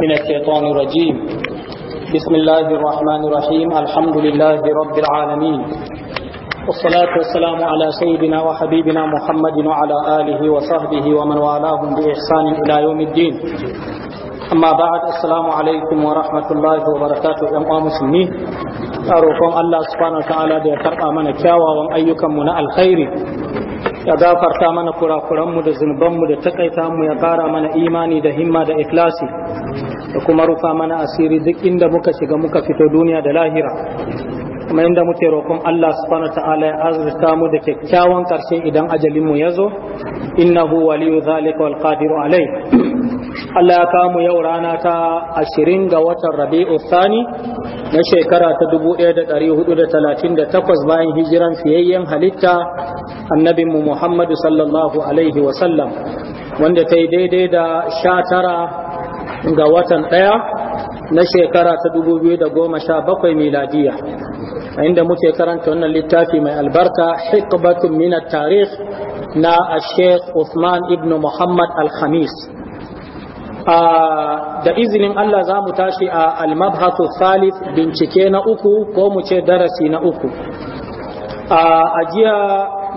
من الشيطان الرجيم بسم الله الرحمن الرحيم الحمد لله رب العالمين والصلاة والسلام على سيدنا وحبيبنا محمد وعلى آله وصحبه ومن والاه بإحسان إلى يوم الدين أما بعد السلام عليكم ورحمة الله وبركاته يا مسلمين أروكم الله سبحانه وتعالى دي ترقى من كاوا ومن أيكم من الخير ya gafarta mana kurakuranmu da zunubanmu da takaita mu ya kara mana imani da himma da ikhlasi da kuma rufa mana asiri duk inda muka shiga muka fito duniya da lahira kamar inda muke roƙon Allah subhanahu wa ta'ala ya azurta mu da kyakkyawan karshe idan ajalin mu yazo innahu waliyu zalika wal qadiru alai Allah ya kawo mu yau rana ta 20 ga watan Rabi'u Thani na shekara ta 1438 bayan hijiran fiyayyen halitta annabin mu Muhammadu sallallahu alaihi wa sallam wanda ta yi daidai da 19 ga watan ɗaya na shekara ta 2017 miladiya inda muke karanta wannan littafi mai albarka hikbatun min tarikh na Sheikh Uthman ibn Muhammad Al-Khamis ah, da izinin Allah za mu tashi a al-mabhatu bincike na uku ko mu ce darasi na uku ah, a jiya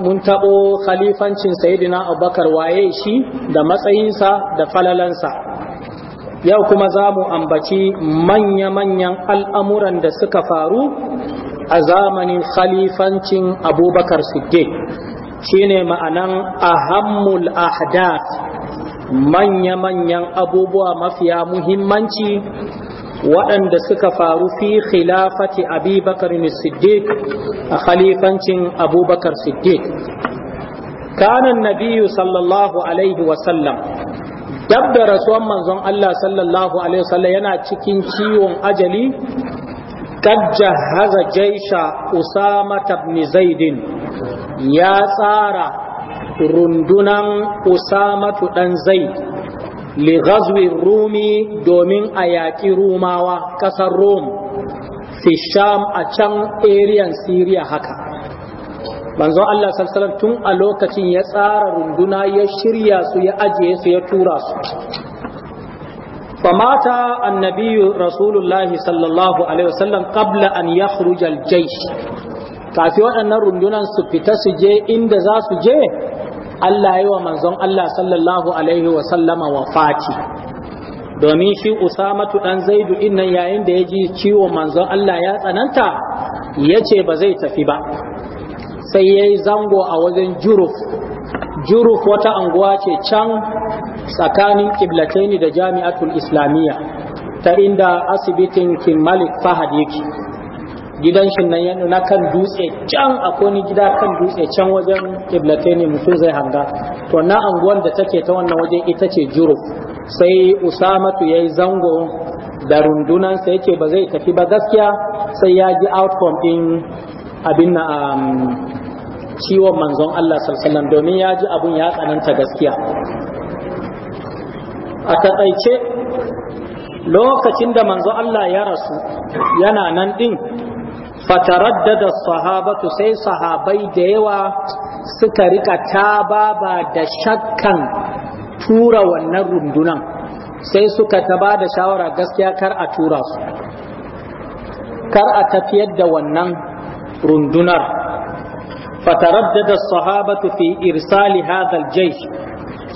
mun taɓo khalifancin Sayyidina abubakar waye shi da matsayinsa da falalansa yau kuma za mu ambaci manya-manyan al'amuran da suka faru a zamanin khalifancin abubakar siddiq shine ma'anan ahammul ahdath manya-manyan abubuwa mafiya muhimmanci waɗanda suka faru fi khilafati abubakar siddiq a khalifancin abubakar siddiq kanan nabiyu sallallahu alaihi wasallam dab da rasuwan manzon Allah sallallahu alaihi wasallam yana cikin ciwon ajali Kajja haza Jaisha Usama Tabizaiɗin ya tsara rundunar Usamatu ɗanzai Legaswin rumi domin a yaƙi rumawa ƙasar Rome, Fisham, a can Erion Siriya haka. Ban zo Allah SallAleSallam tun a lokacin ya tsara runduna ya shirya su, ya ajiye su, ya tura su. فمات النبي رسول الله صلى الله عليه وسلم قبل أن يخرج الجيش kafi waɗannan rundunan su fita su je inda za su je Allah yi wa manzon Allah sallallahu alaihi wa sallama wa fati domin shi usamatu dan zaidu innan yayin da ya ji ciwon manzon Allah ya tsananta ya ce ba zai tafi ba sai ya yi zango a wajen juruf juruf wata anguwa ce can tsakanin kiblataini da jami'atul islamiyya ta inda asibitin kin malik fahad yake gidan shi nan na kan dutse can akwai gida kan dutse can wajen kiblataini mutum zai hanga to na anguwan da take ta wannan waje ita ce juro sai usamatu yayi zango da rundunan sa yake ba zai tafi ba gaskiya sai ya ji outcome din abin na um, ciwon manzon Allah sallallahu alaihi wasallam domin ya ji abun ya tsananta gaskiya a taƙaice lokacin da manzo Allah ya rasu yana nan ɗin fataraddada sahabatu sai sahabai da yawa suka rika tababa da shakkan tura wannan rundunan sai suka taba da shawara gaskiya kar a tura su kar a tafiyar da wannan rundunar fataraddada sahabatu fi irsali hadha al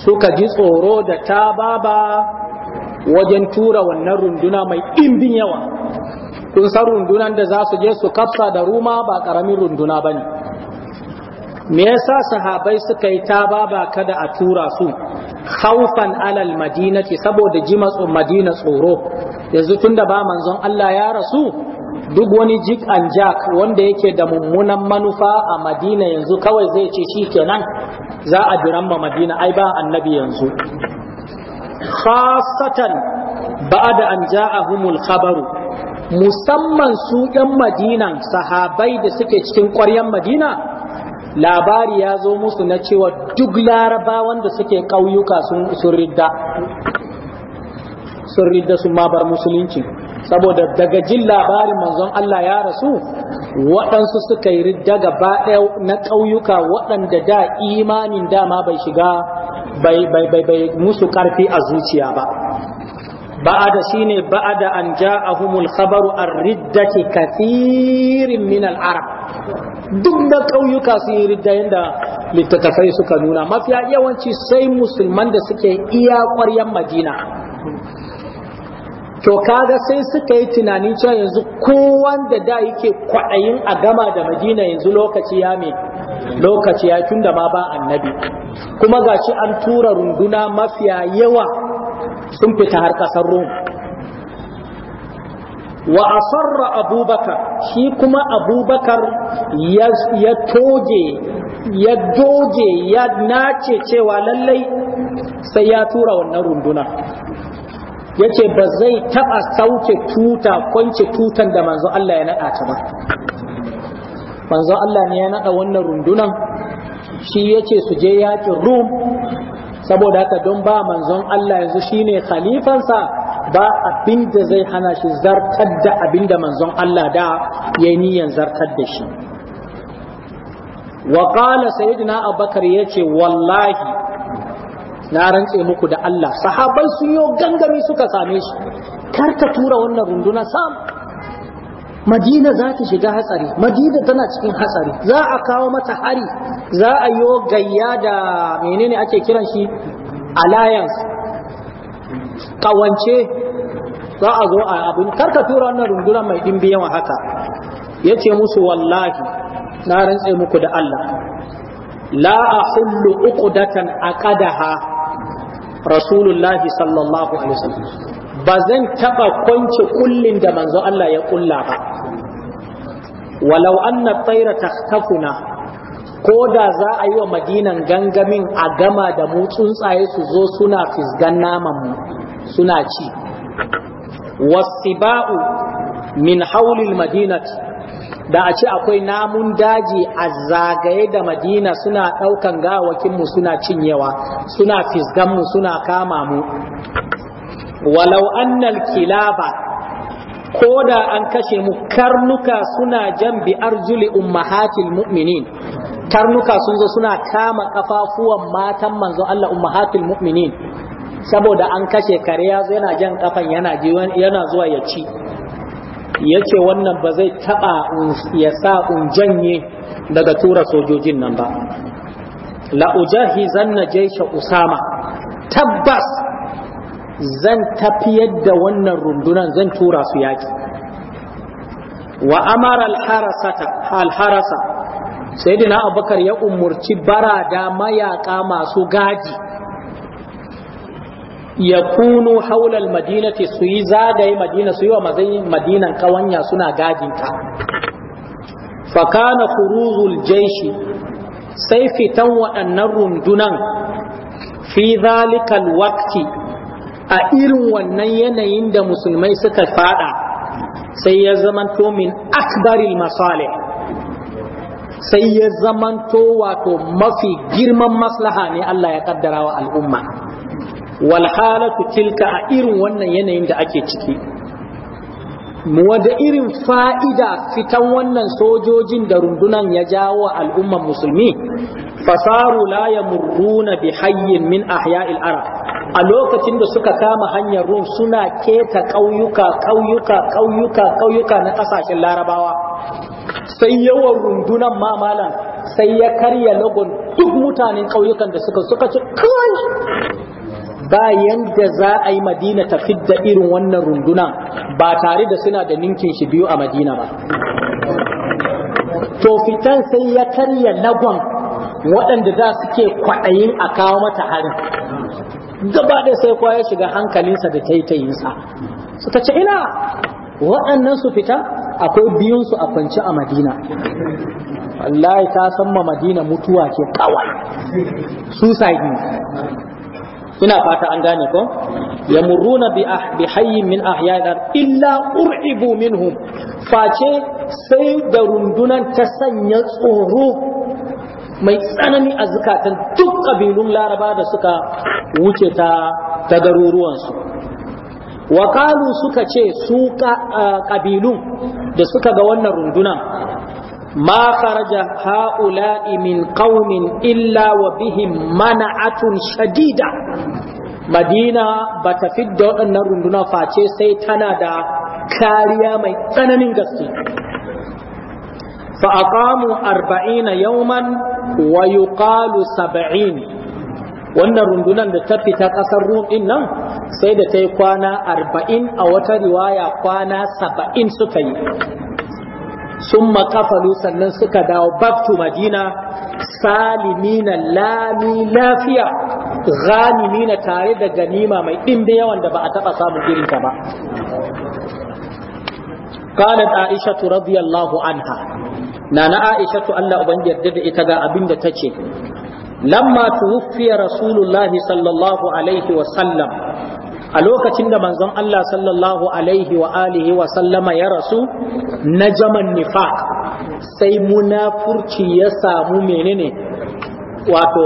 suka ji tsoro da ta baba wajen tura wannan runduna mai ɗimbin yawa kun san rundunan da za su je su kafsa da ruma ba ƙaramin runduna ba ne me yasa sahabai suka yi ta baba kada a tura su haufan alal madinati saboda ji madina tsoro yanzu tun da ba manzon Allah ya rasu duk wani jik and jack wanda yake da mummunan manufa a madina yanzu kawai zai ce shi kenan za a ma madina ai ba annabi yanzu khasatan ba'da an ja'ahumul khabaru musamman su ɗan madinan sahabai da suke cikin ƙwaryan madina labari ya zo musu na cewa duk larabawan da suke ƙauyuka sun ridda sun ridda sun ma bar musulunci saboda daga jin labarin manzon Allah ya rasu waɗansu suka yi ridda gaba ɗaya na ƙauyuka waɗanda da imanin dama bai shiga bai musu ƙarfi a zuciya ba ba'ada shine ba'ada an ja'ahumul khabaru ar-riddati kathirin min al-arab duk da ƙauyuka sun yi ridda yanda littattafai suka nuna mafiya yawanci sai musulman da suke iya ƙwaryan madina to kaga sai suka yi tunanin cewa yanzu kowan da da yake kwaɗayin a gama da madina yanzu lokaci ya mai lokaci ya tun da ma ba annabi kuma ga shi an tura runduna mafiya yawa sun fita har kasar rom wa asarra abubakar shi kuma abubakar ya toge ya doge ya nace cewa lallai sai ya tura wannan runduna yace ba zai taba sauke tuta kwance tutan da manzo Allah ya nada ta ba manzo Allah ne ya nada wannan rundunan shi yace su je yakin Rum saboda haka don ba manzon Allah yanzu shine khalifansa ba abin da zai hana shi zartar da abin da manzon Allah da yayi niyan zartar da shi wa qala sayyidina abubakar yace wallahi na rantse muku da Allah sahabbai sun yi gangami suka same shi kar ka tura wannan runduna sam Madina za ta shiga hatsari Madina tana cikin hatsari za a kawo mata hari za a yi gayya da menene ake kiran shi alliance kawance za a zo a abin kar ka tura wannan runduna mai dimbi yawan haka yace musu wallahi na rantse muku da Allah la a hullu uqdatan aqadaha rasulullahi sallallahu alaihi wasallam ba zan taba kwance kullin da manzo Allah ya kulla ba walau anna tayra takhtafuna ko da za a yi wa madinan gangamin a gama da mu tsuntsaye su zo suna fisgan naman mu suna ci wasiba'u min haulil madinati da a ce akwai namun daji a zagaye da madina suna ɗaukan gawakinmu suna cinyewa suna fisganmu suna kama mu walau annal kilaba ko da an kashe mu karnuka suna jan bi arjuli ummahatil mu'minin karnuka sun zo suna kama kafafuwan matan manzo Allah ummahatil mu'minin saboda an kashe kare ya yana jan kafan yana yana zuwa ya ci ya ce wannan ba zai taɓa ya sa un janye daga tura sojojin nan ba la'ujahi zanna jaisha usama tabbas zan tafiyar da wannan rundunan zan tura su yaƙi wa amara alharasa sai dina abubakar ya umarci barada mayaƙa masu gaji yakunu haulal madinati su yi zagaye madina su yi wa mazayin madinan kawanya suna gajinta. fakana khuruzul jaishi sai fitan waɗannan rundunan fi zalikal a irin wannan yanayin da musulmai suka fada sai ya zamanto min akbaril masalih sai ya zamanto wato mafi girman maslaha ne Allah ya kaddara wa al'umma wal halatu tilka a irin wannan yanayin da ake ciki wada irin fa'ida fitan wannan sojojin da rundunan ya jawo al'umman musulmi fasaru la yamurruna bi hayyin min ahya'il arab a lokacin da suka kama hanyar rum suna keta ƙauyuka ƙauyuka ƙauyuka ƙauyuka na ƙasashen larabawa sai yawan rundunan mamalan sai ya karya lagon duk mutanen ƙauyukan da suka suka ce kawai Bayan da za a yi madina ta fidda irin wannan runduna ba tare da suna da ninkin shi biyu a madina ba to fitan sai ya karya lagon waɗanda za suke kwaɗayin a kawo mata harin gaba da sai kuwa ya shiga hankalinsa da taitayinsa ta ce ina waɗannan su fita akwai biyunsu a kwanci a madina wallahi ta san ma madina mutuwa ke kawai su ina fata an gane ko yamuruna bi ah bi hayyin min ahya'ir illa ur'ibu minhum face sai da rundunan ta sanya tsoro mai tsanani a zukatan duk kabilun laraba da suka wuce ta ta garuruwansu wakalu suka ce su kabilun da suka ga wannan runduna ma kharaja ha'ula'i min qaumin illa wa bihim mana'atun shadida madina ba ta fidda waɗannan runduna face sai tana da kariya mai tsananin gaske fa aqamu arba'ina yauman, wa yuqalu sab'in wannan rundunar da ta fita ƙasar ruɗin nan sai da ta yi kwana arba'in a wata riwaya kwana saba'in suka yi sun makafalu sannan suka dawo back to salimi na lami lafiya na tare da ganima mai ɗimbe yawan da ba a taɓa samun irinta ba قالت عائشة رضي الله عنها نانا عائشة الله أبن يردد إتغى أبن تتشي لما توفي رسول الله صلى الله عليه وسلم a lokacin da manzon Allah sallallahu alaihi wa alihi wa sallama ya rasu na jaman nifaq sai munafurci ya samu menene wato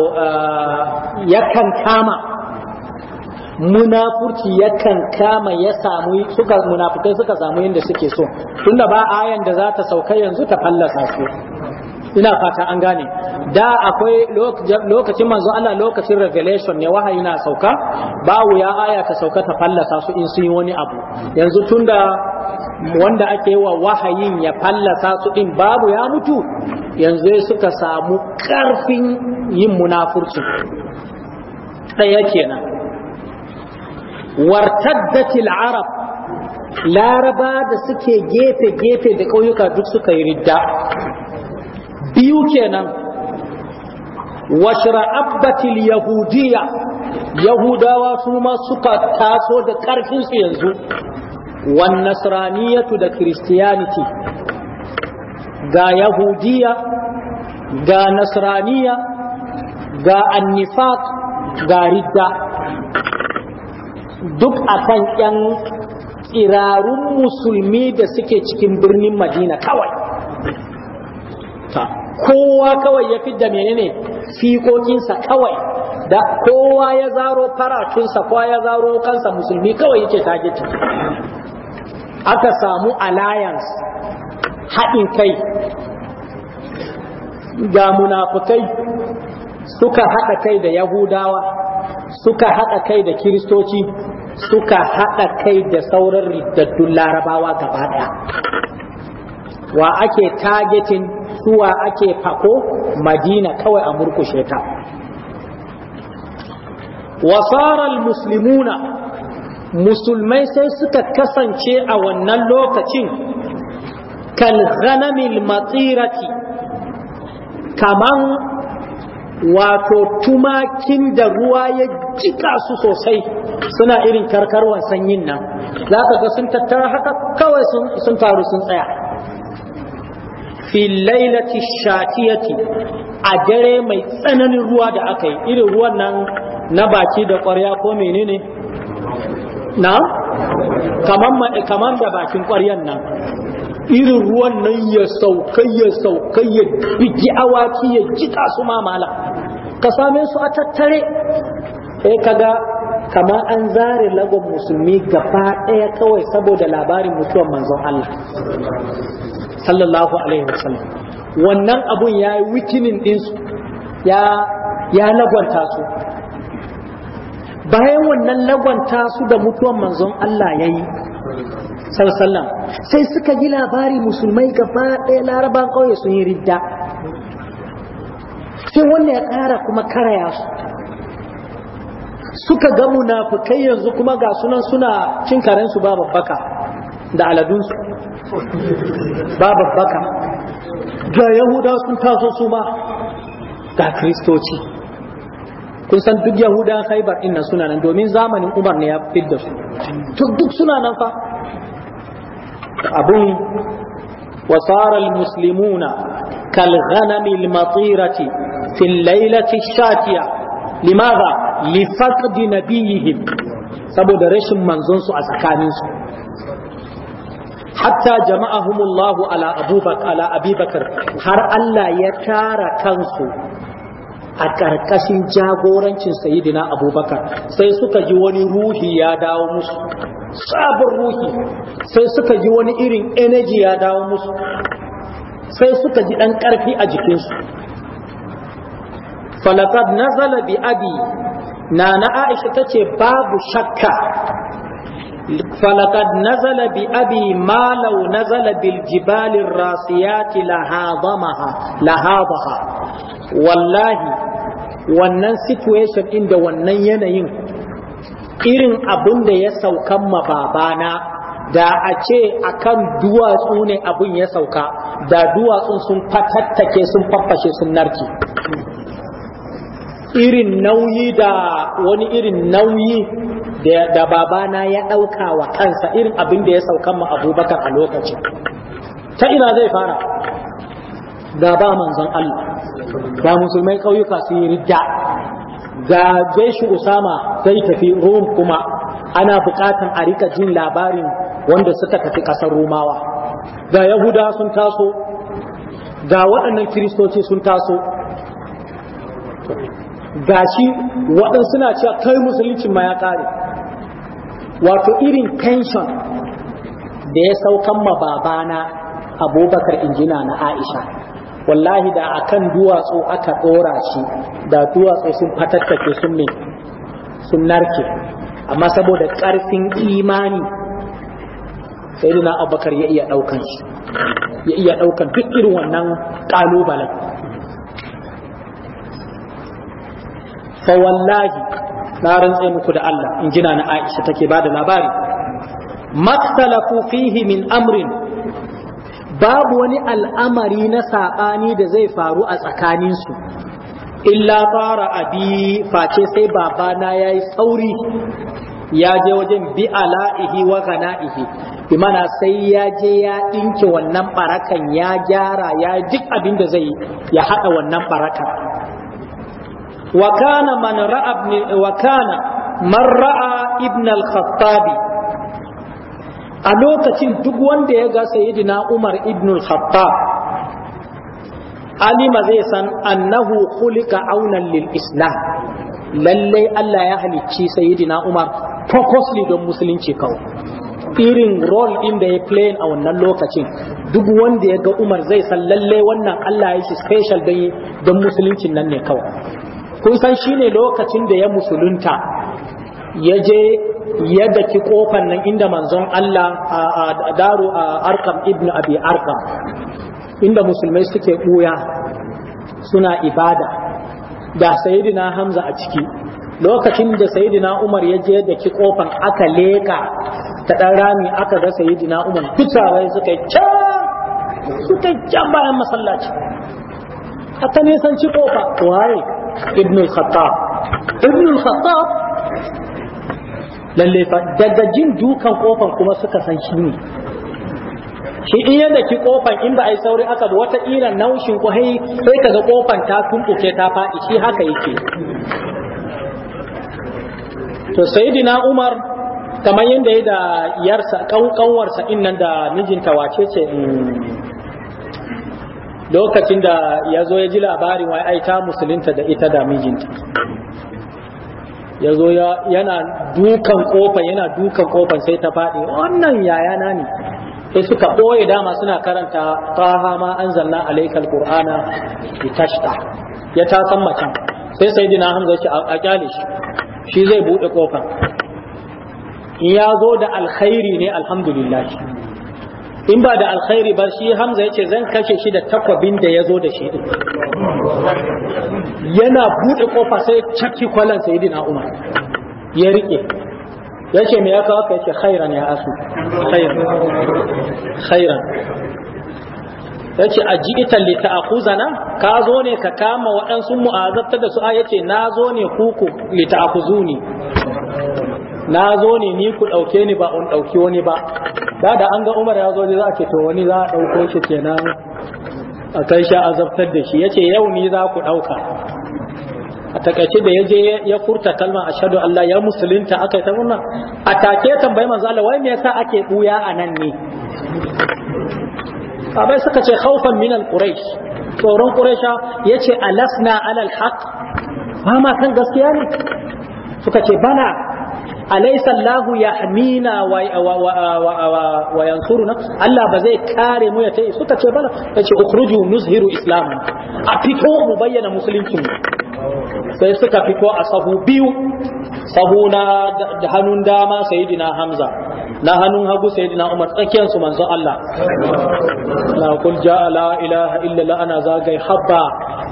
eh, kan kama munafurci kama ya samu suka munafukai suka samu yadda suke so tunda ba ayan da za ta sauka yanzu ta fallasa su ina fata an gane da akwai lokacin manzo Allah lokacin revelation ne wahayi na sauka ba ya aya ta sauka ta fallasa su in sun yi wani abu yanzu tunda wanda ake wa wahayin ya fallasa su in babu ya mutu yanzu suka samu karfin yin munafurci ɗaya kenan wartaddatil arab laraba da suke gefe-gefe da ƙauyuka duk suka yi ridda biyu kenan abbatil Yahudiya, yahudawa su ma suka taso da ƙarfinsu yanzu wan nasraniyatu da christianity ga yahudiya ga nasraniya ga annifaq ga ridda duk akan yan tsirarun musulmi da suke cikin birnin madina kawai kowa kawai ya fi da menene fikokinsa kawai da kowa ya zaro faratunsa kowa ya zaro kansa musulmi kawai yake targeting aka samu alliance haɗin kai ga munafukai suka haɗa kai da yahudawa suka haɗa kai da kiristoci suka haɗa kai da sauran riddaddun larabawa gaba ɗaya wa ake targeting suwa ake fako madina kawai a murkushe ta wasarar musulmuna musulmai sai suka kasance a wannan lokacin kalghanamil matsirati kaman wato tumakin da ruwa ya jika su sosai suna irin karkarwan sanyin nan za ka ga sun tattara haka kawai sun taru sun tsaya fi lailati shatiyati a dare mai tsananin ruwa da aka yi irin ruwan nan na baki da ƙwarya ko menene na kamar da bakin ƙwaryan nan irin ruwan nan ya sauka ya sauka ya bigi awaki ya jika su mamala ka same su a tattare eh kaga kama an zare lagon musulmi gaba ɗaya kawai saboda labarin mutuwar manzon Allah sallallahu alaihi wasallam wannan abun ya yi wikinin ɗinsu ya ya lagwanta su bayan wannan lagwanta su da mutuwar manzon Allah ya yi sallallahu sai suka yi labari musulmai gaba ɗaya laraban ƙauye sun yi ridda sai wannan ya ƙara kuma karaya su suka ga munafukai yanzu kuma ga sunan suna cin karensu ba babbaka da aladunsu ba babbaka ga yahuda sun taso su ma ga kristoci kun san duk yahuda haibar inna suna nan domin zamanin umar ne ya fidda su duk suna nan fa abun وصار المسلمون كالغنم المطيرة في الليلة الشاتية لماذا؟ li faqdi nabiyihim saboda rashin manzon a tsakaninsu su hatta jama'ahumullahu ala abubakar ala abubakar har Allah ya tara kansu a ƙarƙashin jagorancin sayidina abubakar sai suka ji wani ruhi ya dawo musu sabon ruhi sai suka ji wani irin energy ya dawo musu sai suka ji ɗan ƙarfi a jikinsu falakad nazala bi abi na aisha ta ce babu shakka falakad nazala bi abi malau nazala bil jibalin rasiyati lahabaha wallahi wannan situation inda wannan yanayin irin abin da ya saukan mababana da a ce akan duwatsu ne abin ya sauka da duwatsun sun fatattake sun faffashe sun narke irin nauyi da wani irin nauyi da babana ya ɗauka wa kansa irin abin da ya saukan ma abubakar a lokacin ta ina zai fara ga ba manzon Allah ga musulmai ƙauyuka su yi ridda ga jeshi usama zai tafi rom kuma ana buƙatan a rika jin labarin wanda suka tafi ƙasar rumawa ga yahuda sun taso ga waɗannan kiristoci sun taso gashi waɗansu suna cewa kai musulunci ma ya ƙare wato irin pension da ya saukan ma babana abubakar injina na aisha wallahi da akan duwatsu aka ɗora shi da duwatsu sun fatattake sun ne sun narke amma saboda ƙarfin imani sai abubakar ya iya ɗaukan shi ya iya ɗaukan duk irin wannan ƙalubalen fa wallahi na rantse muku da Allah in jina na Aisha take bada labari maktalafu fihi min amrin babu wani al'amari na saɓani da zai faru a tsakaninsu illa fara abi face sai babana ya yi tsauri ya je wajen bi ala'ihi wa gana'ihi imana sai ya je ya ɗinke wannan barakan ya gyara ya duk abin da zai ya haɗa wannan barakan wa kana man ra'a wa ra'a ibn a lokacin duk wanda ya ga sayyidina Umar ibn al-Khattab alima zai san annahu khuliqa aunan lil islam lallai Allah ya halicci sayyidina Umar purposely don musulunci kawai irin role din da ya play a wannan lokacin duk wanda ya ga Umar zai san lallai wannan Allah ya shi special don don musuluncin nan ne kawai kun san shi ne lokacin da ya musulunta ya je ya daki kofan nan inda manzon Allah a daru a arkam ibn abi arkam inda musulmai suke ɓuya suna ibada da sayidina hamza a ciki lokacin da sayidina umar ya je daki kofan aka leka ta ɗan rami aka ga sayidina umar fitawai suka yi can suka can bayan masallaci a ta nisan ci kofa waye ibn al-khattab lalle fa daga jin dukan kofan kuma suka san shi ne shi in yadda ki kofan in ba a yi sauri aka bi wata ila naushin ku hai sai kaga kofan ta tumbuke ta faɗi shi haka yake to sayyidina umar kamar yadda ya da yarsa kanwarsa innan da mijinta wace ce hmm. lokacin da ya zo ya ji labarin wai ai ta musulunta da ita da mijinta ya yana dukan kofa yana dukan kofan sai ta faɗi wannan yayana ne sai suka ɓoye dama suna karanta taha ma an zanna alaikal qur'ana ya ta san mace sai sai dina hamza shi a kyale shi shi zai buɗe kofan in ya zo da alkhairi ne alhamdulillah in ba da alkhairi ba shi hamza yace zan kashe shi da takwabin da ya zo da shi din yana bude kofa sai cakki kwalan sayyidina umar ya rike yace me ya kawo ka yace khairan ya asu khairan khairan yace ajita li ta'khuzana ka zo ne ka kama waɗansu mu'azabta da su a yace na zo ne kuku, ku li ta'khuzuni na zo ne ni ku ɗauke ni ba un ɗauki wani ba da da an ga umar ya zo ne za a ce to wani za a ɗauko shi kenan a kai shi azabtar da shi ya ce yau ni za ku ɗauka a takaice da ya je ya furta kalma a shaɗu, Allah ya musulunta aka yi ta murna a take tambayi manzo Allah wai me yasa ake buya a nan ne abai suka ce khaufan min al-quraish tsoron quraisha yace alasna alal haqq ba ma kan gaskiya ne suka ce bana Alaisa Allahu yahmina wa wa yansuruna Allah ba zai kare mu ya ce suka ce bala ya ce ukhruju nuzhiru islam a fito mu bayyana musulunci sai suka fito a sahu biyu sahu na hannun dama sayyidina Hamza na hannun hagu sayyidina Umar tsakiyar su Allah Na kul ja la ilaha illa la ana zagai habba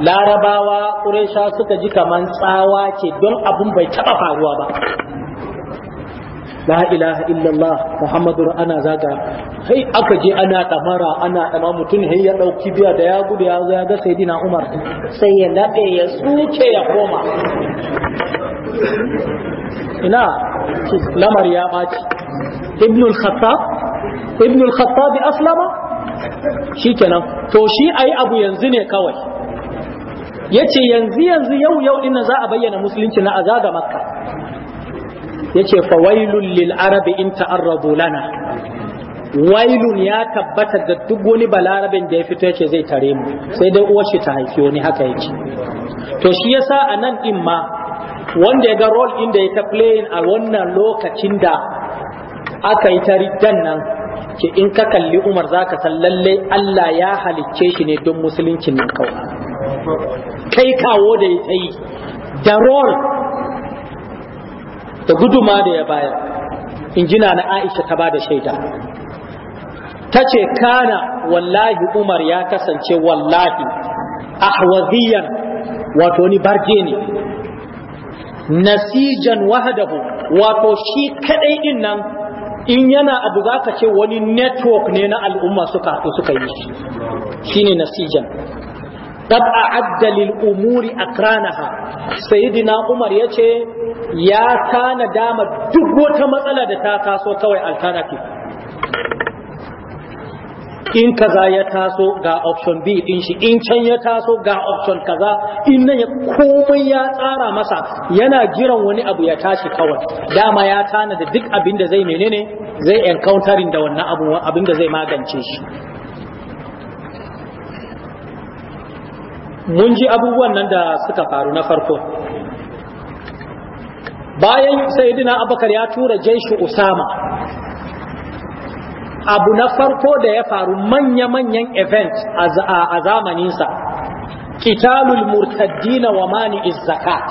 larabawa quraisha suka ji kaman tsawa ce don abun bai taba faruwa ba la ilaha illallah muhammadu ana zaga sai aka je ana damara ana dama mutum sai ya dauki biya da ya gudu ya zo ya ga sayyidina umar sai ya labe ya tsuke ya koma ina lamar ya baci ibn al-khattab ibn al-khattab aslama shikenan to shi ayi abu yanzu ne kawai yace yanzu yanzu yau yau dinnan za a bayyana musulunci na azaga makka yace fawailul lil arabi in ta'arradu lana wailun ya tabbata da duk wani balarabin da ya fito yace zai tare mu sai dai uwar shi ta haifi wani haka yace to shi yasa a nan din ma wanda ya ga role din da ya ta playing a wannan lokacin da aka yi ta tariddan nan ke in ka kalli Umar zaka san lallai Allah ya halicce shi ne don musuluncin nan kawai kai kawo da ya yi da role da guduma da ya bayar injina na aisha ta ba da shaida ta ce kana wallahi umar ya kasance wallahi ahwaziyan wato ni barje ne nasijan wahadahu wato shi kadai din nan in yana abu za ka ce wani network ne na al'umma suka suka yi shi shine nasijan qad a'adda lil umuri akranaha sayyidina umar yace ya tana dama duk wata matsala da ta taso kawai alternative in kaza ya taso ga option B din shi in can ya taso ga option kaza in nan ya komai ya tsara masa yana jiran wani abu ya tashi kawai dama ya tana da duk abin da zai menene zai encountering da wannan abu abin da zai magance shi mun ji abubuwan nan da suka faru na farko bayan sayidina abakar ya tura jaishi usama abu na farko da ya faru manya-manyan event a zamaninsa kitalul murtaddina wa mani'iz zakat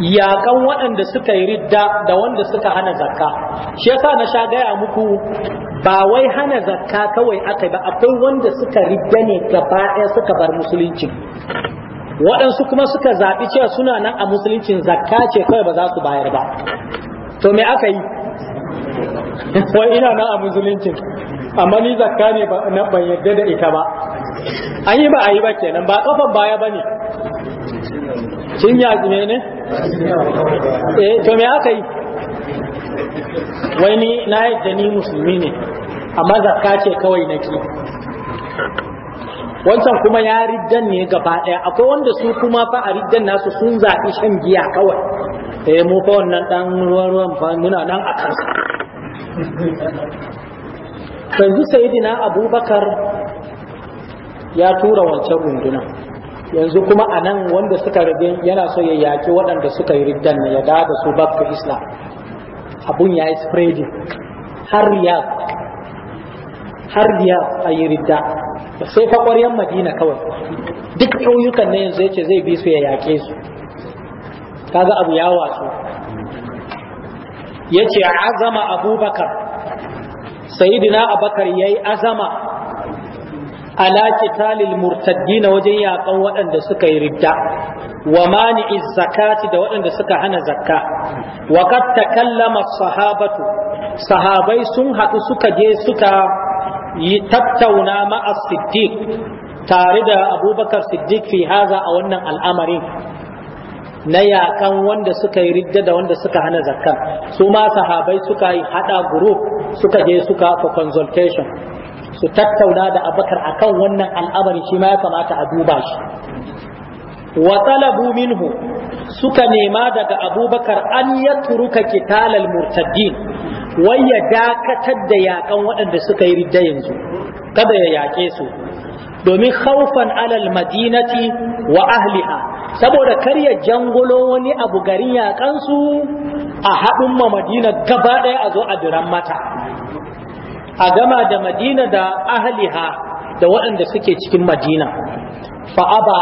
yaƙan waɗanda suka yi ridda da wanda suka hana zakka shi yasa na sha gaya muku ba wai hana zakka kawai aka ba akwai wanda suka ridda ne gaba ɗaya suka bar musulunci waɗansu kuma suka zaɓi cewa suna nan a musuluncin zakka ce kawai ba za su bayar ba to me aka yi wai ina nan a musuluncin amma ni zakka ne ban yarda da ita ba an yi ba a yi ba kenan ba kafan baya ba ne cinya ne ne eh to me aka yi wai ni na yadda ni musulmi ne amma zakka ce kawai nake wancan kuma ya riddan ne gaba daya akwai wanda su kuma fa a riddan nasu sun zaɓi shan giya kawai eh mu fa wannan dan ruwan ruwan fa muna nan a kansa yanzu sayidina abubakar ya tura wancan rundunan yanzu kuma a nan wanda suka rage yana so ya yaki waɗanda suka yi riddan na ya da da su back to islam abun ya yi spreading har ya har ya a yi ridda sai fa ƙwaryen madina kawai duk ƙauyukan na yanzu yace zai bi su ya yaƙe su kaga abu ya ce yace azama abubakar sayyidina abubakar yayi azama ala qitalil murtaddina wajen yakan waɗanda suka yi ridda wa mani'i zakati da waɗanda suka hana zakka wa qad takallama sahabatu sahabai sun haɗu suka je suka yi tattauna ma'a siddiq tare da abubakar siddiq fi haza a wannan al'amarin na yakan wanda suka yi ridda da wanda suka hana zakka su ma sahabai suka yi haɗa group suka je suka for consultation su tattauna da abakar akan wannan al'amari shi ma ya kamata a duba shi wa talabu minhu suka nema daga abubakar an ya turuka kitalal murtaddin wai ya dakatar da yakan waɗanda suka yi ridda yanzu kada ya yaƙe su domin haufan alal madinati wa ahliha saboda kar ya jangulo wani abu garin yaƙansu a haɗin ma madina gaba ɗaya a zo a duran mata a gama da madina da ahliha da waɗanda suke cikin madina fa aba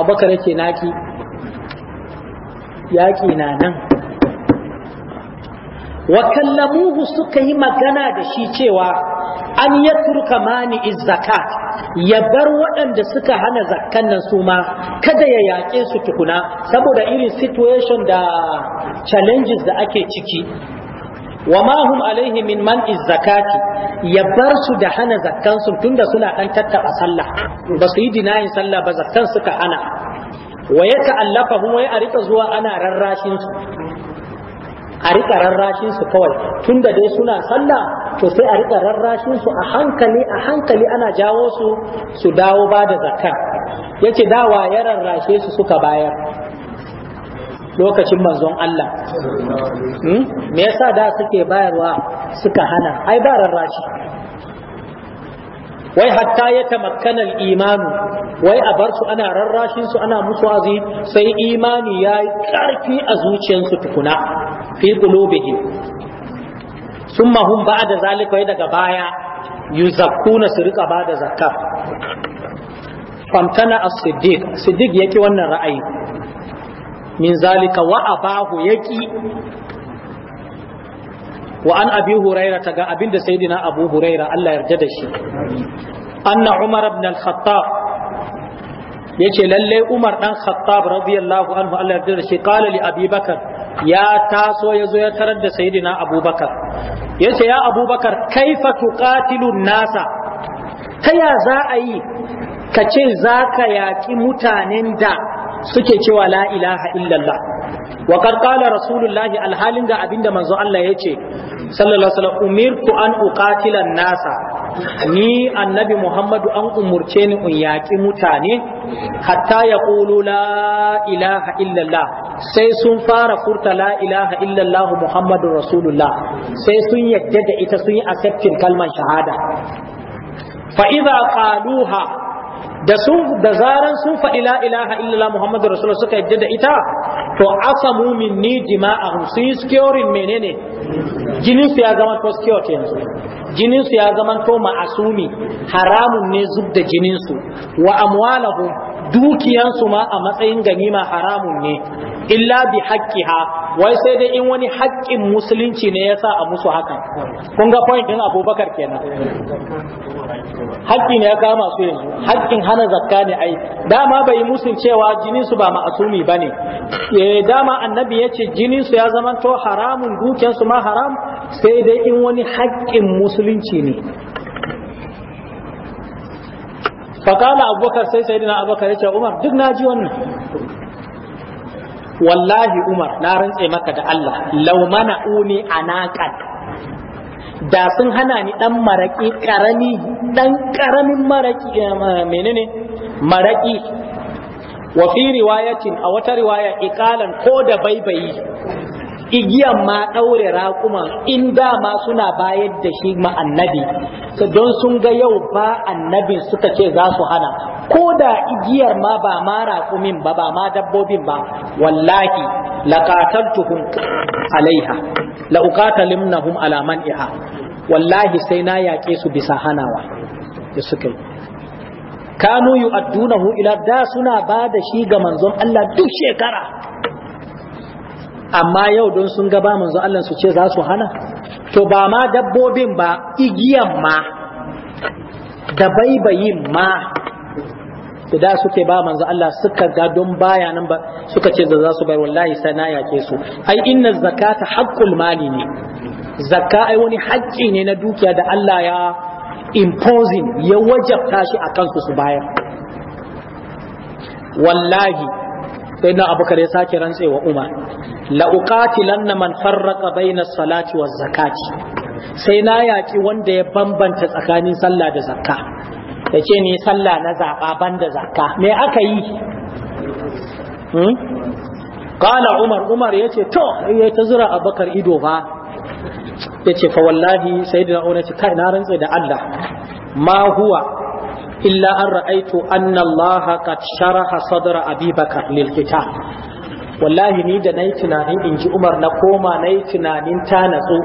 abakar yake naki yaƙi na nan wa kallamuhu suka yi magana da shi cewa an ya turka mani zakat ya bar waɗanda suka hana zakkan nan su ma kada ya yaƙe su tukuna saboda irin situation da challenges da ake ciki Wamahum hum alaihi min man zakati ya bar su da hana zakkan su tunda suna dan tattaba sallah ba su yi dinayin sallah ba zakkan suka hana wa ya ta'allafa hum a rika zuwa ana rarrashin su a rika rarrashin su kawai tunda dai suna sallah to sai a rika rarrashin su a hankali a hankali ana jawo su su dawo ba da zakka yace dawa ya rarrashe su suka bayar lokacin manzon Allah hmm? me yasa da suke bayarwa suka hana ai ba rarrashi wai hatta ya tamakkanar imanu wai a bar su ana rarrashin su ana musu azi sai imani ya yi ƙarfi a zuciyarsu tukuna fi qulubihim summa hum ba'da zalika wai daga baya yuzakkuna su rika bada zakka famtana as-siddiq siddiq yake wannan ra'ayi min zalika wa abahu yaki wa an abi huraira ta abinda sayyidina abu huraira Allah yarda da shi anna umar ibn al-khattab yace lallai umar dan khattab radiyallahu anhu Allah yarda da shi qala li abi bakar ya taso yazo ya tarar da saidina abubakar yace ya abubakar kaifa tuqatilu nasa ta ya za a yi ka ce za ka yaƙi mutanen da suke cewa la ilaha illallah wa qad qala rasulullahi alhalin da abinda manzo Allah yace sallallahu alaihi wasallam umirtu an uqatila nasa ni annabi Muhammadu an umurce ni in yaƙi mutane hatta yaqulu la ilaha illallah sai sun fara furta la ilaha illallah Muhammadu rasulullah sai sun yadda da ita sun yi accepting kalmar shahada fa idza qaluha da sun da zaran sun faɗi la ilaha illallah muhammadu rasulullah suka yadda da ita to asamu minni jima'ahum su yi securing menene jinin su ya zama to yanzu jinin su ya zama to ma'asumi haramun ne zub da jinin su wa amwalahu dukiyan su ma a matsayin ganima haramun ne illa bi haqqiha wai sai dai in wani haƙƙin musulunci ne yasa a musu hakan kun ga point din Abubakar kenan haƙƙi ne ya kama su yanzu haƙƙin hana zakka ne ai dama bai yi musun cewa jinin su ba ma'asumi bane ne. Eh, dama annabi yace jinin su ya zamanto haramun dukiyar su ma haram sai dai in wani haƙƙin musulunci ne faƙala abubakar sai sai dina abubakar ya ce umar duk na ji wannan wallahi umar na rantse maka da allah laumana uni anaqat da sun hana ni dan maraki karami dan karamin maraki eh, menene maraki wa fi riwayatin a wata riwaya ikalan ko da baibayi igiyan ma ɗaure raƙuman in dama suna bayar da shi ma annabi don sun ga yau ba annabin suka ce za su hana ko da igiyar ma ba ma raƙumin ba ba ma dabbobin ba wallahi laqataltuhum alaiha la'uqatalimnahum alaman iha, wallahi sai na yaƙe su bisa hanawa da suka yi kanu yu'addunahu ila da suna ba da shi ga manzon Allah duk shekara amma yau don sun gaba manzo Allah su ce za su hana to ba ma dabbobin ba igiyan ma da baibayin ma da suke ba manzo Allah suka ga don baya nan ba suka ce za su bar wallahi sai yake su ai inna zakata haqqul mali ne zakka ai wani haƙƙi ne na dukiya da Allah ya imposing ya wajabta shi a kansu su bayar wallahi sai na abubakar ya sake rantsewa umar la'uƙatilan man farraka bainar salati wa zakati sai na yaƙi wanda ya bambanta tsakanin sallah da zakka ya ce ni sallah na zaɓa ban da zakka me aka yi ƙala hmm? umar umar ya ce to ya ta zura abakar ido ba ya ce fa wallahi sai da na kai na rantse da allah ma huwa illa an ra'aitu anna Allah qad sharaha sadra Abi Bakar lil qital wallahi ni da nayi tunanin in ji Umar na koma nayi tunanin ta natsu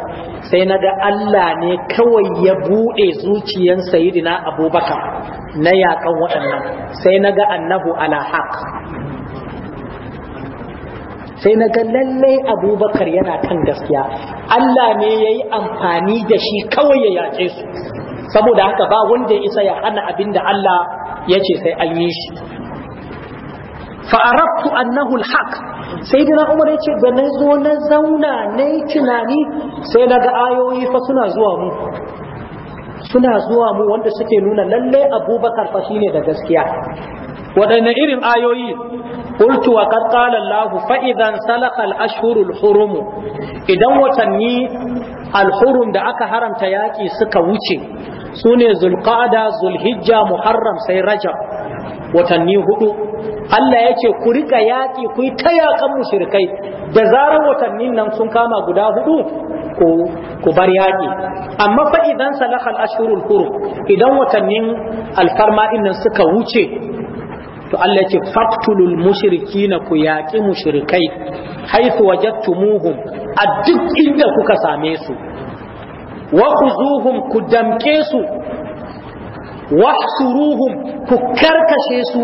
sai na ga Allah ne kawai ya bude zuciyan sayyidina Abubakar na yakan waɗannan sai na ga annahu ala haq sai na ga lallai Abubakar yana kan gaskiya Allah ne yayi amfani da shi kawai ya yace su saboda haka ba wanda ya isa ya hana abin da Allah ya ce sai an yi shi fa'arabtu annahul alhaq sai dina umar ya ce da na zo na zauna na yi tunani sai na ga ayoyi fa suna zuwa mu suna zuwa mu wanda suke nuna lallai abubakar fa shine da gaskiya waɗanne irin ayoyi قلت وقد قال الله فإذا انسلخ الأشهر الحرم إذا alhurum da aka haramta yaƙi suka wuce sune ne zulhijja muharram sai rajab watanni hudu Allah ya ku rika yaƙi ku ta yaƙan mushrikai da zarar watannin nan sun kama guda hudu ku bar yaƙi amma fa idan salahal ashhurul hurum idan watannin alfarma nan suka wuce to Allah yake faktulul mushrikina ku yaƙi mushrikai haythu wajadtumuhum a duk inda kuka same su wa khuzuhum ku damke su wahsuruhum ku karkashe su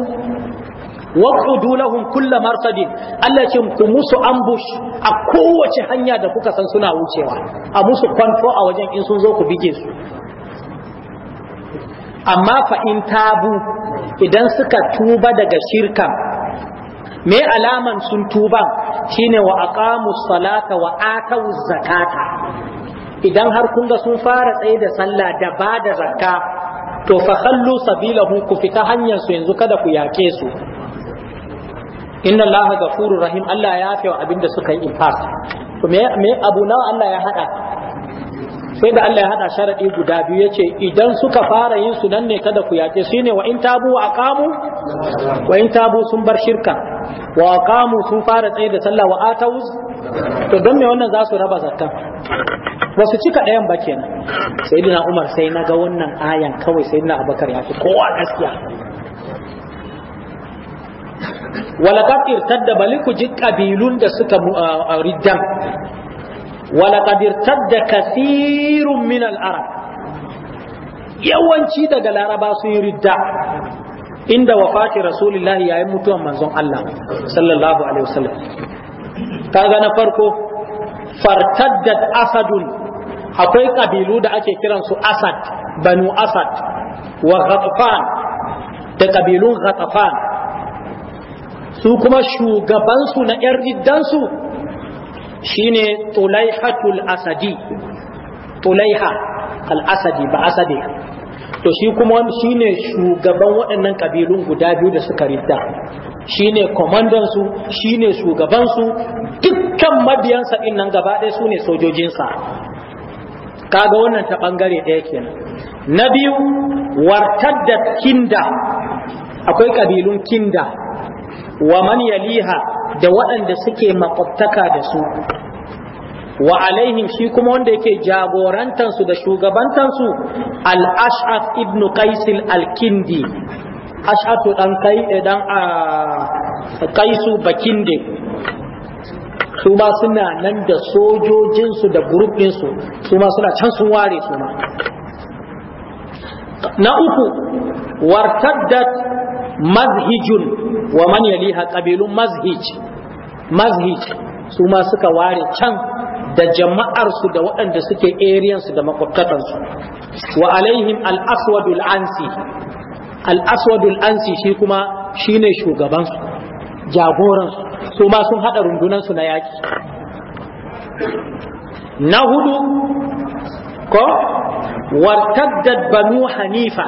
waqudu lahum kulla marsadin Allah ce ku musu ambush a kowace hanya da kuka san suna wucewa a musu kwanto a wajen in sun zo ku bige su amma fa in tabu idan suka tuba daga shirkan me alaman sun tuba shine wa aqamu salata wa atau zakata idan har kun ga sun fara tsaye da sallah da ba da zakka to fa khallu sabilahu ku fita hanyar su yanzu kada ku yake su inna allaha ghafurur rahim Allah ya yafe wa abinda suka yi infaq to me abu nawa Allah ya hada sai da Allah ya hada sharadi guda biyu yace idan suka fara yin su nan ne kada ku yace shine wa in tabu wa aqamu wa in tabu sun bar shirka wa aqamu sun fara tsaye da sallah wa atawu to don me wannan za su raba zakka ba su cika ɗayan ba kenan sayyidina Umar sai na ga wannan ayan kawai sayyidina Abubakar ya ce kowa gaskiya walaqad irtadda baliku jik qabilun da suka riddan ولقد ارتد كثير من العرب yawanci daga laraba sun yi ridda inda wafati ya yayin mutuwan manzon Allah sallallahu alaihi wasallam kaga na farko fartaddat asadun akwai kabilu da ake kiransu asad banu asad wa da kabilun ghatafan su kuma shugabansu na 'yan riddansu shine tulaihatul asadi tulaiha al-asadi ba asadi to shi kuma shine shugaban waɗannan kabilun guda biyu da suka ridda shine ne su shine shugaban su dukkan mabiyansa din nan gaba ɗaya sune sojojin sa kaga wannan ta ɓangare ɗaya kenan na biyu wartar da kinda akwai kabilun kinda wa man yaliha da waɗanda suke makwabtaka da su wa alaihim shi kuma wanda yake jagorantansu da shugabantansu al-ash'af ibn qais al-kindi ash'atu dan kai eh, dan a ah, kaisu bakinde su ma suna nan da sojojinsu da gurbinsu su ma suna can sun ware su ma na uku wartaddat mazhijun wa man yaliha qabilun mazhij mazhij su ma suka ware can da jama'arsu da waɗanda suke ariyansu da makwabtakansu wa alaihim al ansi alaswadul ansi shi kuma shine shugabansu jagoransu su ma sun haɗa rundunansu na yaƙi na hudu ko wartaddat banu hanifa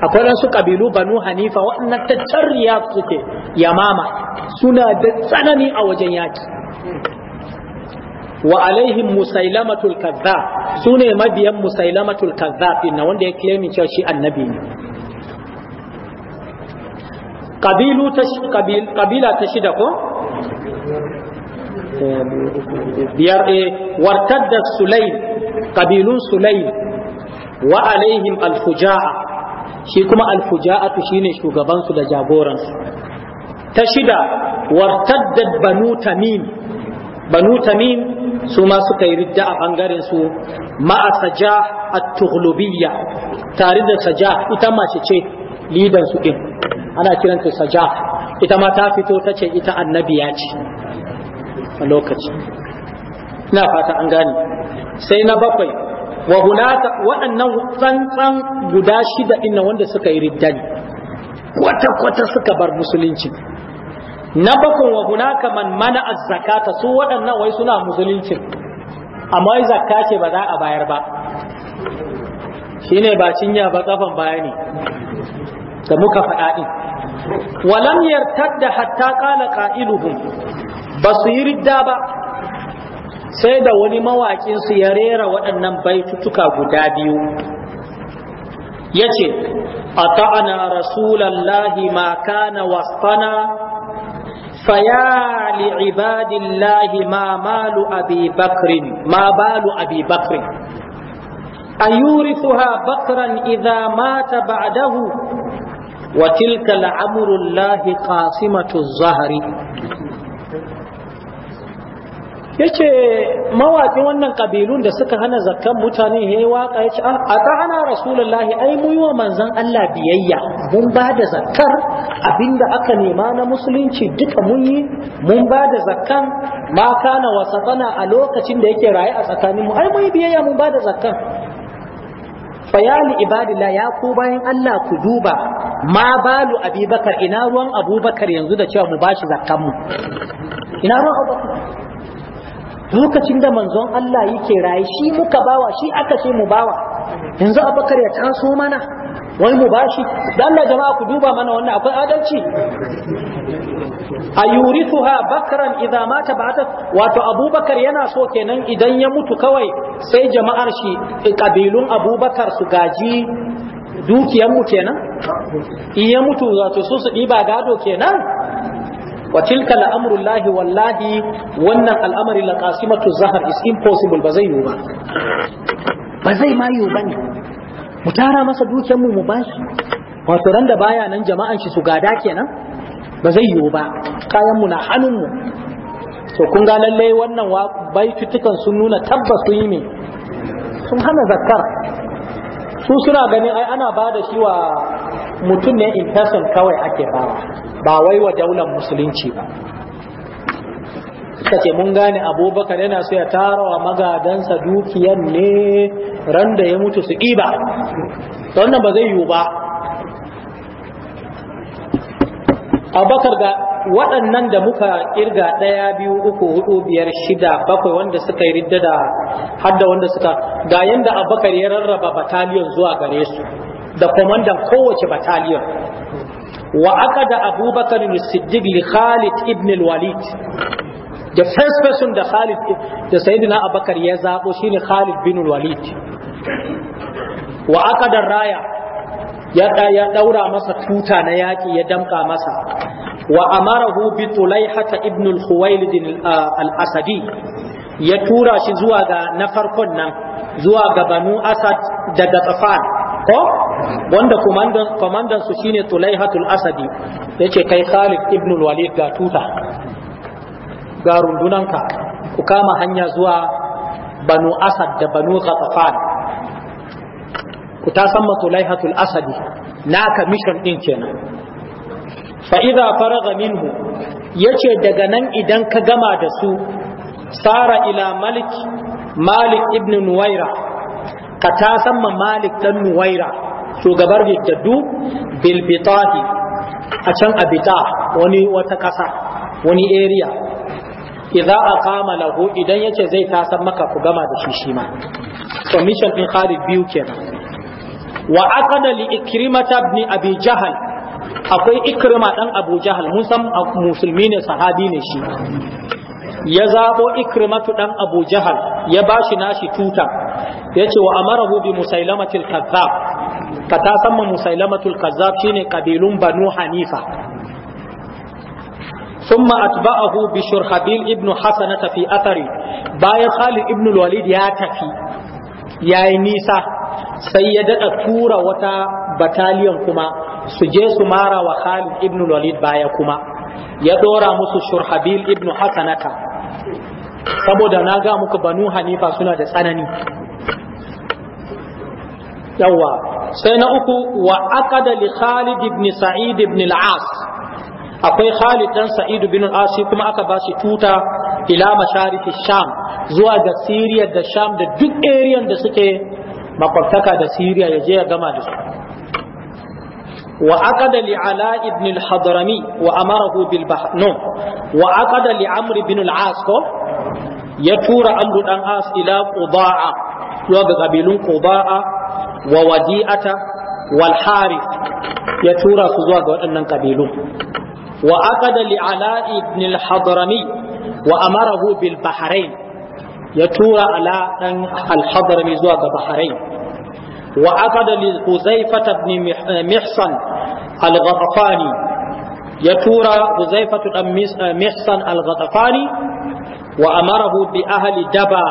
akwai wasu kabilu banu hanifa waɗannan tattar riyad suke yamama suna da tsanani a wajen yaki wa alaihim musailamatul kazzab sune mabiyan musailamatul kazzab na wanda ya claim cewa shi annabi ne kabilu ta kabila ta shida ko biyar eh, Wartar da sulaim kabilun sulaim wa alaihim alfuja'a shi kuma alfuja'atu shine shugabansu da jagoransu ta shida wartaddat banu tamim banu tamim su ma suka yi ridda a bangaren su ma'a saja at-tughlubiyya tare da saja ita mace ce lidan su din ana kiranta saja ita ma ta fito ta ce ita annabiya ce a lokaci ina fata an gane sai na bakwai wa hunaka waɗannan tsantsan guda shida ɗin wanda suka yi riddani kwata-kwata suka bar musulunci na bakun wa hunaka man mana zakata su waɗannan wai suna musulunci amma wai zakka ce ba za a bayar ba shine ba cinya ba kafan bayani da muka faɗa din walam yartadda hatta qala qailuhum basu su yi ridda ba sai da wani mawaƙin su ya rera waɗannan baitutuka guda biyu yace ata'ana rasulallahi ma kana wasfana فيا لعباد الله ما مال أبي بكر ما بال أبي بكر أيورثها بكرا إذا مات بعده وتلك لعمر الله قاسمة الزهر yace mawaƙin wannan kabilun da suka hana zakkan mutane ya yi waƙa ya ce a ah, ta hana rasulullahi ai mu yi wa manzan Allah biyayya mun ba da zakkar abinda aka nema na musulunci duka mun yi mun ba da zakkan ma kana wasatana a lokacin da yake raye a tsakanin mu ai mun yi biyayya mun ba da zakkan fayali ibadila ya ku bayan Allah ku duba ma balu abubakar ina ruwan abubakar yanzu da cewa mu bashi zakkan mu ina ruwan abubakar lokacin da manzon Allah yake raye shi muka bawa shi aka ce mu bawa yanzu abakar ya taso mana wai mu bashi da Allah jama'a ku duba mana wannan akwai adalci a bakran idza mata ba'ata wato abubakar yana so kenan idan ya mutu kawai sai jama'ar shi kabilun abubakar su gaji dukiyan mu kenan in ya mutu wato su su diba gado kenan wa tilka wallahi wannan al'amari la qasimatu zahar is impossible ba zai yiwu ba ba zai ma yiwu bane mu tara masa dukiyar mu mu bashi wato ran da baya nan jama'an shi su gada kenan ba zai yiwu ba kayan mu na hannun mu to kun ga lalle wannan wa baitutukan sun nuna tabbas sun yi ne sun hana zakkar su suna ganin ai ana ba da shi wa mutum ne in person kawai ake bawa ba wai wa daular musulunci ba Ta ce mun gane abubakar yana so ya tara wa magadansa dukiyar ne ran da ya mutu su iba wannan ba zai yiwu ba abubakar ga waɗannan da muka kirga ɗaya biyu uku hudu biyar shida bakwai wanda suka yi ridda da hadda wanda suka ga da abubakar ya rarraba bataliyon zuwa gare su da kwamandan kowace bataliyon wa aqada abubakar as-siddiq li khalid ibn al-walid the first person da khalid da sayyidina abubakar ya zabo shine khalid bin al-walid wa aqada raya ya ya daura masa tuta na yaki ya damka masa wa amarahu bi tulaihata ibn al-khuwailid al-asadi ya tura shi zuwa ga na farkon nan zuwa ga banu asad daga tsafan ko wanda komandan su shine tulaihatul asadi yace kai khalid ibn walid ga tuta ga rundunanka ku kama hanya zuwa banu asad da banu ghatafan ku ta san tulaihatul asadi naka mission din kenan fa idza faraga minhu yace daga nan idan ka gama da su sara ila malik malik ibn nuwaira ka tasan ma malik dan nuwaira shugabar jaddadu bil bitahi a can abita wani wata kasa wani area idza aqama lahu idan yace zai tasan maka ku gama da shi shi ma to din Khalid biyu kenan wa aqada li ikrimata ibn abi jahal akwai ikrima dan abu jahal mun san musulmi ne sahabi ne shi ya zabo ikrimatu dan abu jahal ya bashi nashi tuta ya ce wa amarahu bi musailamatul kazzab ka ta samma musailamatul kazzab shine kabilun banu hanifa ثم أتبعه بشرحبيل ابن حسنة في أثري باي خالد ابن الوليد يا تفي يا نيسا سيدة تورا وتا بتاليون كما سجيس مارا وخالد ابن الوليد باي كما ya ɗora musu shurhabil Ibnu hasanata saboda na ga muku banu hanifa suna da tsanani yawa sai na uku wa aqada li khalid ibn sa'id ibn al-as akwai khalid dan sa'id ibn al-as kuma aka ba shi tuta ila masharifi sham zuwa ga Siriya da sham da duk area da suke makwabtaka da Siriya yaje ya gama da su وعقد لعلاء بن الحضرمي وأمره بالبحر نو وعقد لعمر بن العاص يتور أمر بن العاص إلى قضاء وقبيل قضاء ووديئة والحارث يتور سزوى أن قبيل وعقد لعلاء بن الحضرمي وأمره بالبحرين يتور على الحضرمي زوى بحرين وعقد لحذيفة بن محصن الغطفاني يتورى حذيفة بن محصن الغطفاني وأمره بأهل دبا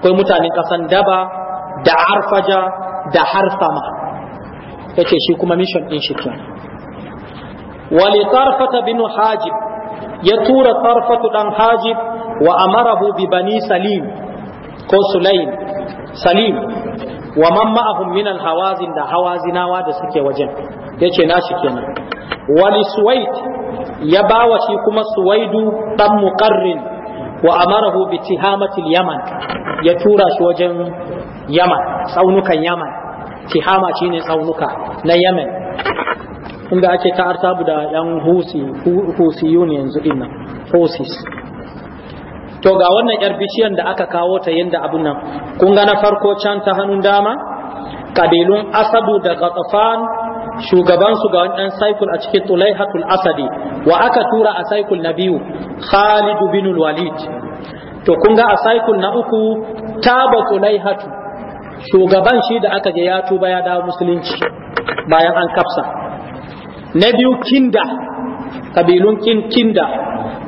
akwai mutanen kasan daba da arfaja da harfama yake shi kuma wali tarfata bin hajib ya tura tarfatu dan hajib wa amarahu bi bani salim ko sulaim salim wa man ma'ahum min al-hawazin da hawazinawa da suke wajen yace shi kenan wali suwaid ya bawa shi kuma suwaidu dan muqarrin wa amarahu bi tihamati al-yaman ya tura shi wajen yaman tsaunukan yaman tihama shine tsaunuka na yaman inda ake artabu da yan husi husi yanzu dinnan husis to ga wannan yar bishiyar da aka kawo ta yadda abun nan kun ga na farko can ta hannun dama kabilun asadu da ghatafan shugabansu ga wani ɗan saikul a cikin tulaihatul asadi wa aka tura a saikul na biyu Khalidu bin walid to kun ga a saikul na uku taba tulaihatu shugaban shi da aka je ya tuba ya dawo musulunci bayan an kafsa na biyu kinda kabilun kinda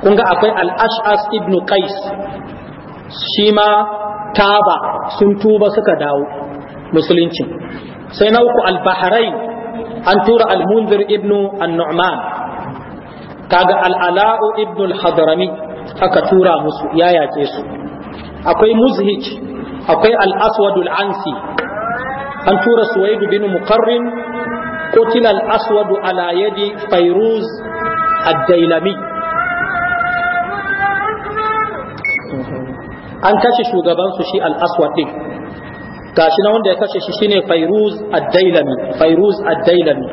kun ga akwai al-ash'as ibn qais shi ma taba sun tuba suka dawo musulunci sai na uku al-bahrain an tura al-munzir ibn an-nu'man kaga al-ala'u ibn al-hadrami aka tura musu ya yake su akwai muzhij akwai al-aswad al-ansi an tura suwaid bin muqarrin qutila al-aswad ala yadi fayruz an kashe shugabansu shi al-aswad din gashi na wanda ya kashe shi shine fairuz ad-dailami fairuz ad-dailami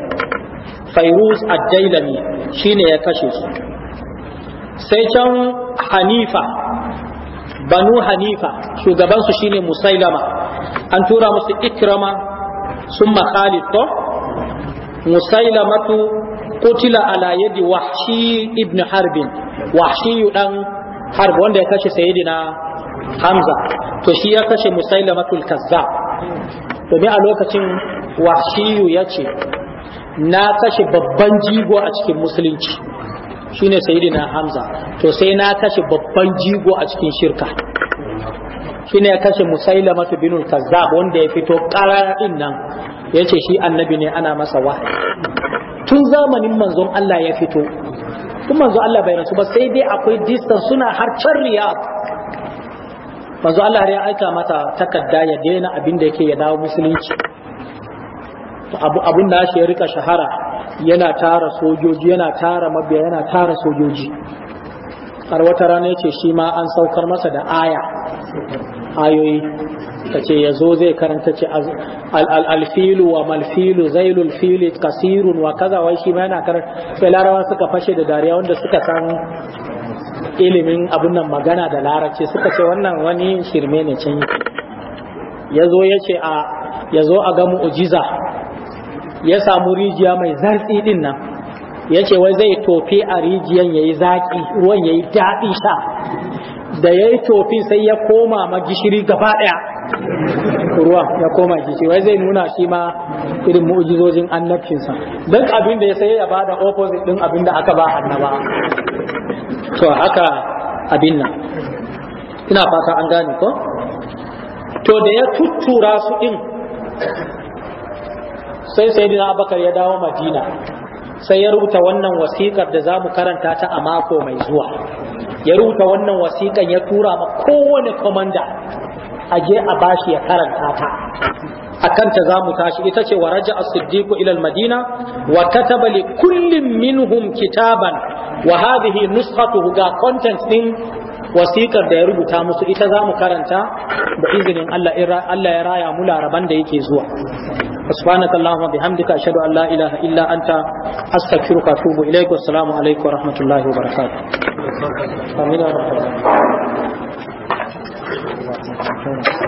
fairuz ad-dailami shine ya kashe su sai can hanifa banu hanifa shugabansu shine musailama an tura musu ikrama summa khalid to musailamatu kutila ala yadi wahshi ibn harbin wahshi dan harb wanda ya kashe sayyidina hamza to shi ya kashe musailamatul kazzab domin a lokacin wahshiyu ya ce na kashe babban jigo a cikin musulunci shine sayyidina hamza to sai na kashe babban jigo a cikin shirka shine ya kashe musailamatu binul kaza wanda ya fito ƙararin nan yace shi annabi ne ana masa wahayi tun zamanin manzon Allah ya fito tun manzon Allah bai rasu ba sai dai akwai distance suna har can manzo Allah ya aika mata takarda ya daina abin da yake ya dawo musulunci abu abun da shi ya rika shahara yana tara sojoji yana tara mabiya yana tara sojoji har wata rana yace shi ma an saukar masa da aya ayoyi kace yazo zai karanta ce alfilu wa malfilu zailul fili kasirun wa kaza wai shi ma yana karanta sai larawa suka fashe da dariya wanda suka san ilimin abin nan magana da Larace suka ce wannan wani shirme ne can ya zo ya ce a ya zo a ga mu'ujiza ya samu rijiya mai zartsi din nan ya ce wai zai tofi a rijiyan ya yi zaƙi ruwan ya yi daɗi sha da ya yi tofi sai ya koma ma gishiri gaba ɗaya ruwan ya koma ce wai zai nuna shi ma irin mu'ujizojin annabcinsa duk abin da ya sai ya bada opposite din abin da aka ba annaba to haka abin nan ina fata an gane ko to da ya tuttura su din sai sai sayyidina abakar ya dawo madina sai ya rubuta wannan wasiƙar da za mu karanta ta a mako mai zuwa ya rubuta wannan wasiƙar, ya tura ma kowane komanda aje a bashi ya karanta ta a akan ta mu tashi ita ce wa raja as-siddiq ila al-madina wa kataba li kullin minhum kitaban wa hadhihi nuskhatuhu ga content din wasiƙar da ya rubuta musu ita za mu karanta da izinin Allah Allah ya raya mu laraban da yake zuwa subhanaka allahumma bihamdika ashhadu an la ilaha illa anta astaghfiruka wa atubu ilaik wa assalamu alaikum wa rahmatullahi wa barakatuh Thank you.